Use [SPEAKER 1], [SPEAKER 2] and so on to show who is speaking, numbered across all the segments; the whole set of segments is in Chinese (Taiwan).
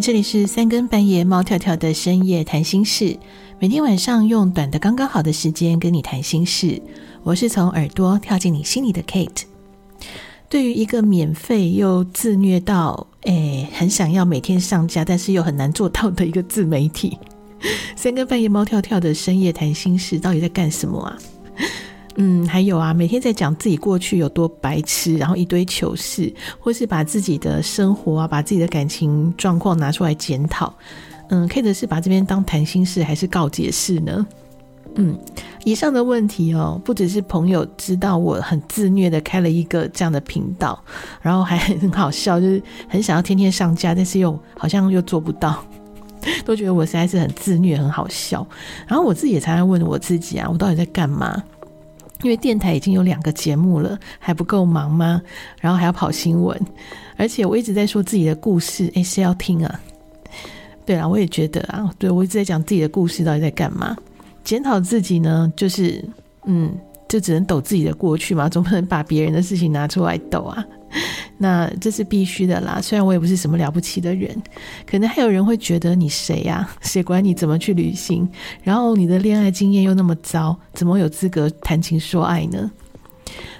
[SPEAKER 1] 這裡是三更半夜貓跳跳的深夜談心室，每天晚上用短的剛剛好的時間跟你談心事。我是從耳朵跳進你心裡的 Kate。對於一個免費又自虐到誒、欸，很想要每天上架，但是又很難做到的一個自媒體，三更半夜貓跳跳的深夜談心室，到底在幹什麼啊？嗯，還有啊，每天在講自己過去有多白痴，然後一堆糗事，或是把自己的生活啊，把自己的感情狀況拿出來檢討。嗯，Kate 是把這邊當談心室還是告解室呢？嗯，以上的問題哦、喔，不只是朋友知道我很自虐的開了一個這樣的頻道，然後還很好笑，就是很想要天天上架，但是又好像又做不到，都覺得我實在是很自虐，很好笑。然後我自己也常常問我自己啊，我到底在幹嘛？因為電台已經有兩個節目了，還不夠忙嗎？然後還要跑新聞，而且我一直在說自己的故事，哎，誰要聽啊？對啊，我也覺得啊，對，我一直在講自己的故事，到底在幹嘛？檢討自己呢，就是，嗯，就只能抖自己的過去嘛，總不能把別人的事情拿出來抖啊。那這是必須的啦，雖然我也不是什麼了不起的人，可能還有人會覺得你誰呀、啊？誰管你怎麼去旅行？然後你的戀愛經驗又那麼糟，怎麼有資格談情說愛呢？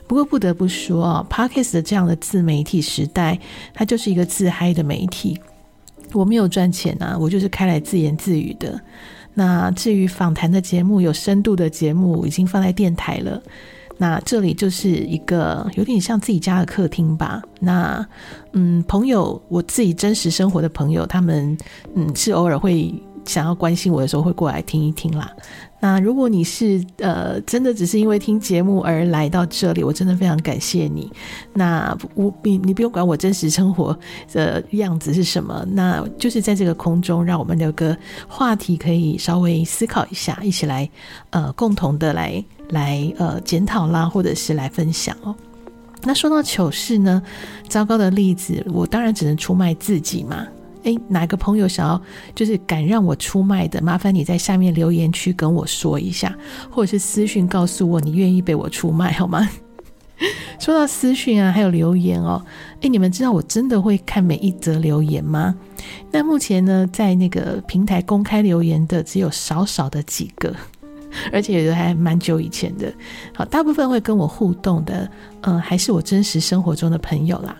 [SPEAKER 1] 不過不得不說啊，Podcast 的這樣的自媒體時代，它就是一個自嗨的媒體。我沒有賺錢啊，我就是開來自言自語的。那至於訪談的節目，有深度的節目已經放在電台了。那這裡就是一個有點像自己家的客廳吧。那嗯，朋友，我自己真實生活的朋友，他們嗯，是偶爾會想要關心我的時候，會過來聽一聽啦。那如果你是呃真的只是因為聽節目而來到這裡，我真的非常感謝你。那我你你不用管我真實生活的樣子是什麼，那就是在這個空中，讓我們留個話題，可以稍微思考一下，一起來呃共同的來來呃檢討啦，或者是來分享哦。那說到糗事呢，糟糕的例子，我當然只能出賣自己嘛。哎，哪個朋友想要就是敢讓我出賣的？麻煩你在下面留言區跟我說一下，或者是私訊告訴我你願意被我出賣，好嗎？說到私訊啊，還有留言哦。哎，你們知道我真的會看每一則留言嗎？那目前呢，在那個平台公開留言的只有少少的幾個，而且也還蠻久以前的。好，大部分會跟我互動的，嗯，還是我真實生活中的朋友啦。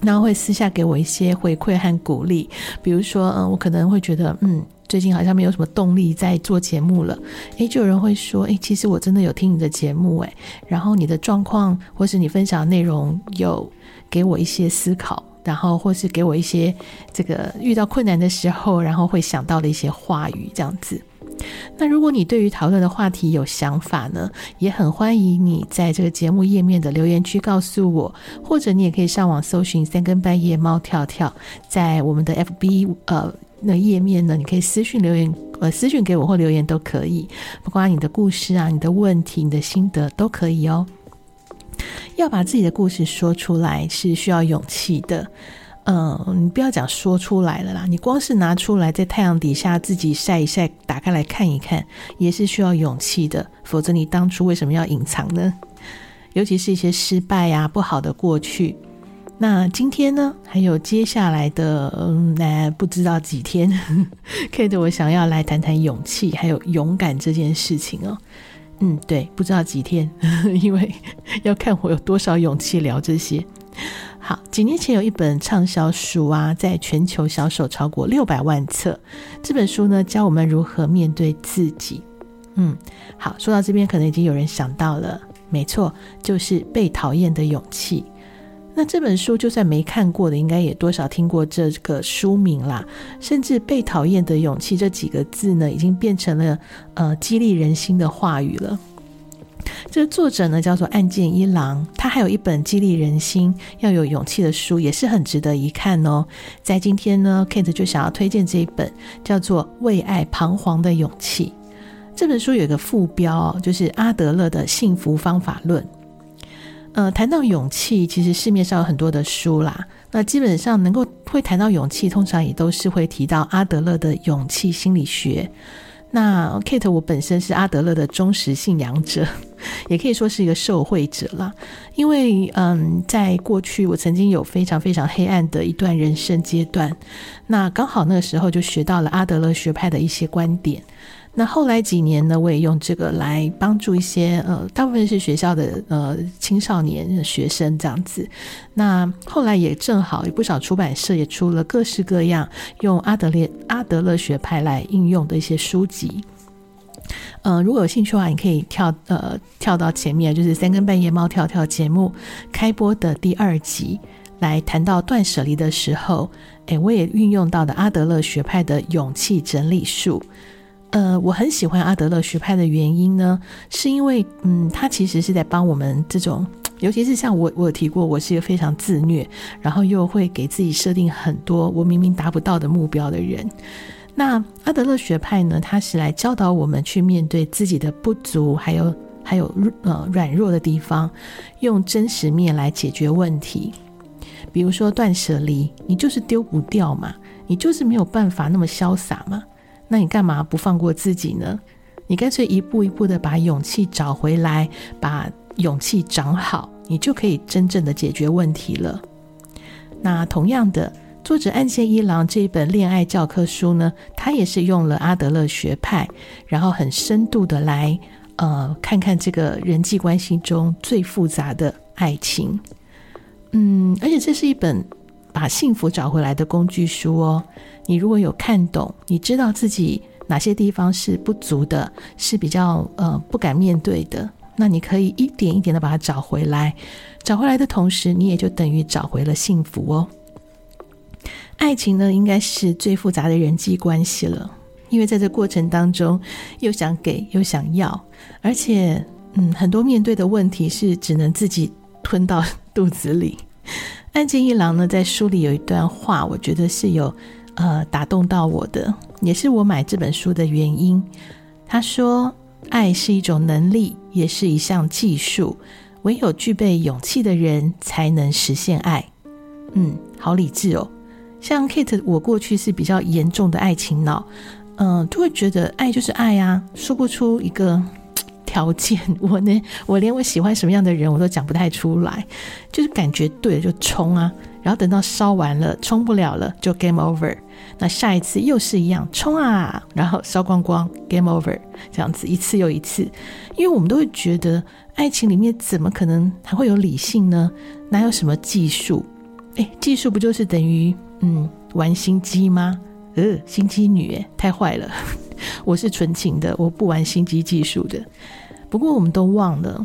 [SPEAKER 1] 然後會私下給我一些回饋和鼓勵，比如說，嗯，我可能會覺得，嗯，最近好像沒有什麼動力在做節目了。哎，就有人會說，哎，其實我真的有聽你的節目，哎，然後你的狀況或是你分享的內容有給我一些思考，然後或是給我一些這個遇到困難的時候，然後會想到的一些話語這樣子。那如果你對於討論的話題有想法呢，也很歡迎你在這個節目頁面的留言區告訴我，或者你也可以上網搜尋三更半夜貓跳跳，在我們的 FB 呃，那頁面呢，你可以私訊留言，呃私訊給我或留言都可以，不管你的故事啊、你的問題、你的心得都可以哦。要把自己的故事說出來是需要勇氣的。嗯，你不要講說出來了啦，你光是拿出來在太陽底下自己曬一晒，打開來看一看，也是需要勇氣的。否則你當初為什麼要隱藏呢？尤其是一些失敗呀、啊、不好的過去。那今天呢，還有接下來的，嗯，那、呃、不知道幾天呵呵 Kate，我想要來談談勇氣還有勇敢這件事情哦。嗯，對，不知道幾天，呵呵因為要看我有多少勇氣聊這些。好，幾年前有一本暢銷書啊，在全球銷售超過六百萬冊。這本書呢，教我們如何面對自己。嗯，好，說到這邊，可能已經有人想到了，沒錯，就是《被討厭的勇氣》。那這本書就算沒看過的，應該也多少聽過這個書名啦。甚至“被討厭的勇氣”這幾個字呢，已經變成了呃，激勵人心的話語了。這個作者呢，叫做岸見一郎，他還有一本激勵人心、要有勇氣的書，也是很值得一看哦。在今天呢，Kate 就想要推薦這一本叫做《為愛彷徨的勇氣》這本書，有一個副標哦，就是阿德勒的幸福方法論。呃，談到勇氣，其實市面上有很多的書啦。那基本上能夠會談到勇氣，通常也都是會提到阿德勒的勇氣心理學。那 Kate，我本身是阿德勒的忠實信仰者。也可以說是一個受惠者了，因為嗯，在過去我曾經有非常非常黑暗的一段人生階段，那剛好那個時候就學到了阿德勒學派的一些觀點，那後來幾年呢，我也用這個來幫助一些呃，大部分是學校的呃青少年的學生這樣子，那後來也正好有不少出版社也出了各式各樣用阿德列阿德勒學派來應用的一些書籍。嗯、呃，如果有興趣的話，你可以跳呃跳到前面，就是三更半夜貓跳跳節目開播的第二集，來談到斷捨離的時候，哎，我也運用到的阿德勒學派的勇氣整理術。呃，我很喜歡阿德勒學派的原因呢，是因為嗯，他其實是在幫我們這種，尤其是像我，我有提過，我是一個非常自虐，然後又會給自己設定很多我明明達不到的目標的人。那阿德勒學派呢，他是來教導我們去面對自己的不足還，還有還有呃軟弱的地方，用真實面來解決問題。比如說斷捨離，你就是丟不掉嘛，你就是沒有辦法那麼瀟灑嘛，那你幹嘛不放過自己呢？你乾脆一步一步的把勇氣找回來，把勇氣長好，你就可以真正的解決問題了。那同樣的。作者岸見一郎這一本戀愛教科書呢，他也是用了阿德勒學派，然後很深度的來呃看看這個人際關係中最複雜的愛情。嗯，而且這是一本把幸福找回來的工具書哦。你如果有看懂，你知道自己哪些地方是不足的，是比較呃不敢面對的，那你可以一點一點的把它找回來。找回來的同時，你也就等於找回了幸福哦。愛情呢，應該是最複雜的人際關係了，因為在這過程當中，又想給又想要，而且，嗯，很多面對的問題是只能自己吞到肚子裡。岸見一郎呢，在書裡有一段話，我覺得是有，呃，打動到我的，也是我買這本書的原因。他說：“愛是一種能力，也是一項技術，唯有具備勇氣的人才能實現愛。”嗯，好理智哦。像 Kate，我過去是比較嚴重的愛情腦，嗯，就會覺得愛就是愛啊，說不出一個條件，我呢，我連我喜歡什麼樣的人我都講不太出來，就是感覺對了就衝啊，然後等到燒完了衝不了了就 game over，那下一次又是一樣衝啊，然後燒光光 game over，這樣子一次又一次，因為我們都會覺得愛情裡面怎麼可能還會有理性呢？哪有什麼技術？哎、欸，技術不就是等於？嗯，玩心機嗎？呃，心機女哎，太壞了！ 我是純情的，我不玩心機技術的。不過我們都忘了，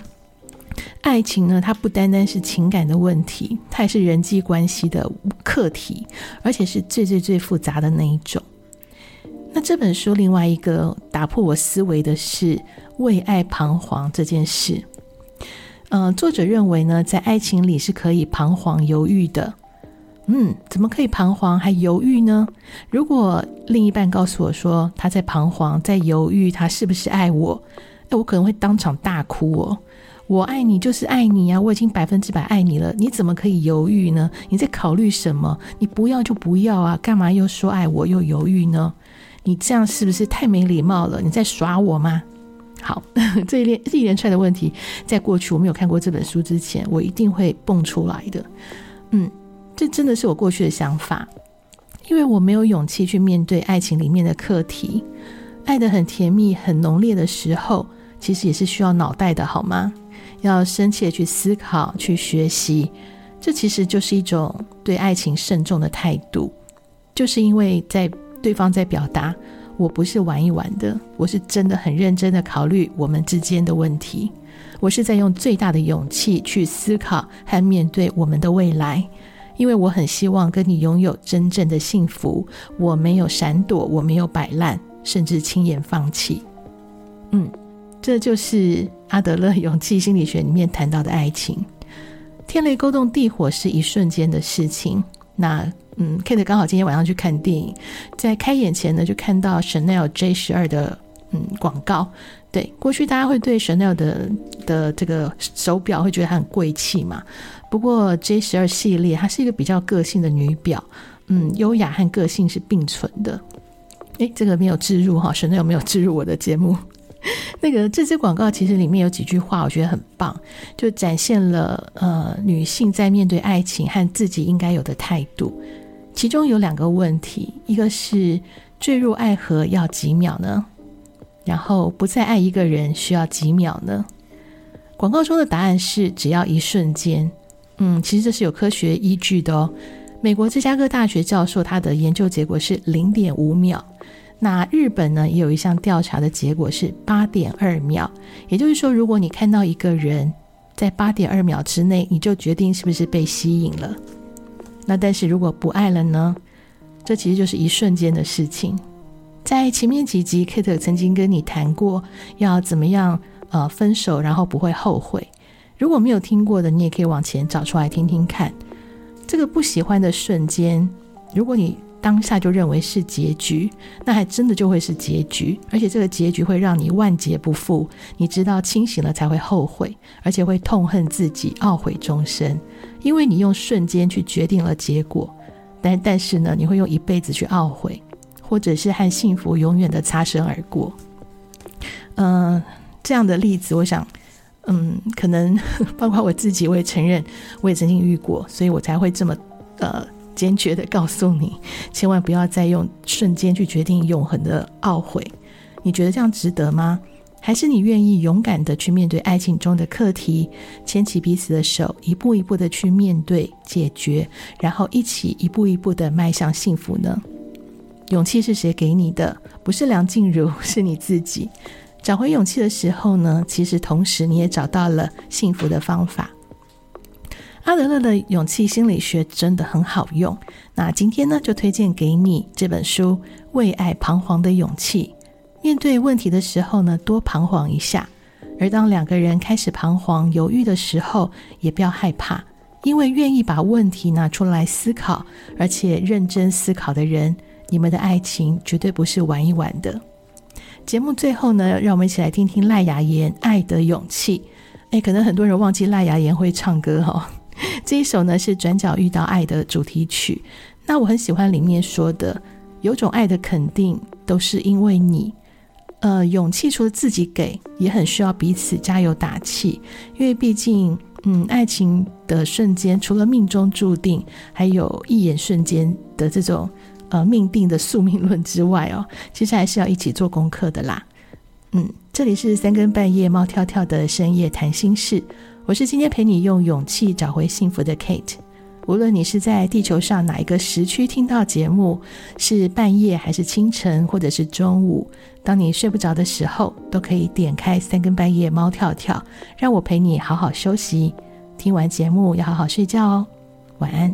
[SPEAKER 1] 愛情呢，它不單單是情感的問題，它也是人際關係的課題，而且是最最最複雜的那一種。那這本書另外一個打破我思維的是為愛彷徨這件事。嗯、呃，作者認為呢，在愛情裡是可以彷徨猶豫的。嗯，怎麼可以彷徨還猶豫呢？如果另一半告訴我說他在彷徨、在猶豫，他是不是愛我？那我可能會當場大哭哦！我愛你，就是愛你呀，啊，我已經百分之百愛你了。你怎麼可以猶豫呢？你在考慮什麼？你不要就不要啊，幹嘛又說愛我又猶豫呢？你這樣是不是太沒禮貌了？你在耍我嗎？好，呵呵，這一連這一連串的問題，在過去我沒有看過這本書之前，我一定會蹦出來的。嗯。這真的是我過去的想法，因為我沒有勇氣去面對愛情裡面的課題。愛得很甜蜜、很濃烈的時候，其實也是需要腦袋的，好嗎？要深切去思考、去學習。這其實就是一種對愛情慎重的態度。就是因為在對方在表達，我不是玩一玩的，我是真的很認真的考慮我們之間的問題。我是在用最大的勇氣去思考和面對我們的未來。因為我很希望跟你擁有真正的幸福，我沒有閃躲，我沒有擺爛，甚至輕言放棄。嗯，這就是阿德勒勇氣心理學裡面談到的愛情。天雷勾動地火是一瞬間的事情。那嗯，Kate 剛好今天晚上去看電影，在開演前呢，就看到 Chanel J 十二的，嗯廣告。對，過去大家會對 Chanel 的的這個手錶會覺得它很貴氣嘛。不過 J12 系列，它是一個比較個性的女錶，嗯，優雅和個性是並存的。哎，這個沒有置入哈，沈、啊、總有沒有置入我的節目？ 那個這支廣告其實裡面有幾句話，我覺得很棒，就展現了呃女性在面對愛情和自己應該有的態度。其中有兩個問題，一個是墜入愛河要幾秒呢？然後不再愛一個人需要幾秒呢？廣告中的答案是只要一瞬間。嗯，其實這是有科學依據的哦。美國芝加哥大學教授他的研究結果是零點五秒。那日本呢，也有一項調查的結果是八點二秒。也就是說，如果你看到一個人在八點二秒之內，你就決定是不是被吸引了。那但是如果不愛了呢？這其實就是一瞬間的事情。在前面幾集，Kate 曾經跟你談過要怎麼樣呃分手，然後不會後悔。如果沒有聽過的，你也可以往前找出來聽聽看。這個不喜歡的瞬間，如果你當下就認為是結局，那還真的就會是結局，而且這個結局會讓你萬劫不復。你知道清醒了才會後悔，而且會痛恨自己、懊悔終生，因為你用瞬間去決定了結果，但但是呢，你會用一輩子去懊悔，或者是和幸福永遠的擦身而過。嗯、呃，這樣的例子，我想。嗯，可能包括我自己，我也承認，我也曾經遇過，所以我才會這麼，呃，堅決的告訴你，千萬不要再用瞬間去決定永恆的懊悔。你覺得這樣值得嗎？還是你願意勇敢的去面對愛情中的課題，牽起彼此的手，一步一步的去面對、解決，然後一起一步一步的邁向幸福呢？勇氣是誰給你的？不是梁靜茹，是你自己。找回勇氣的時候呢，其實同時你也找到了幸福的方法。阿德勒的勇氣心理學真的很好用。那今天呢，就推薦給你這本書《為愛彷徨的勇氣》。面對問題的時候呢，多彷徨一下；而當兩個人開始彷徨猶豫的時候，也不要害怕，因為願意把問題拿出來思考，而且認真思考的人，你們的愛情絕對不是玩一玩的。節目最後呢，讓我們一起來聽聽賴雅妍《愛的勇氣》。哎，可能很多人忘記賴雅妍會唱歌哈、哦。這一首呢是《轉角遇到愛》的主題曲。那我很喜歡裡面說的“有種愛的肯定，都是因為你”。呃，勇氣除了自己給，也很需要彼此加油打氣，因為畢竟，嗯，愛情的瞬間，除了命中注定，還有一眼瞬間的這種。呃，命定的宿命論之外哦，其實還是要一起做功課的啦。嗯，這裡是三更半夜貓跳跳的深夜談心室，我是今天陪你用勇氣找回幸福的 Kate。無論你是在地球上哪一個時區聽到節目，是半夜還是清晨，或者是中午，當你睡不着的時候，都可以點開三更半夜貓跳跳，讓我陪你好好休息。聽完節目要好好睡覺哦，晚安。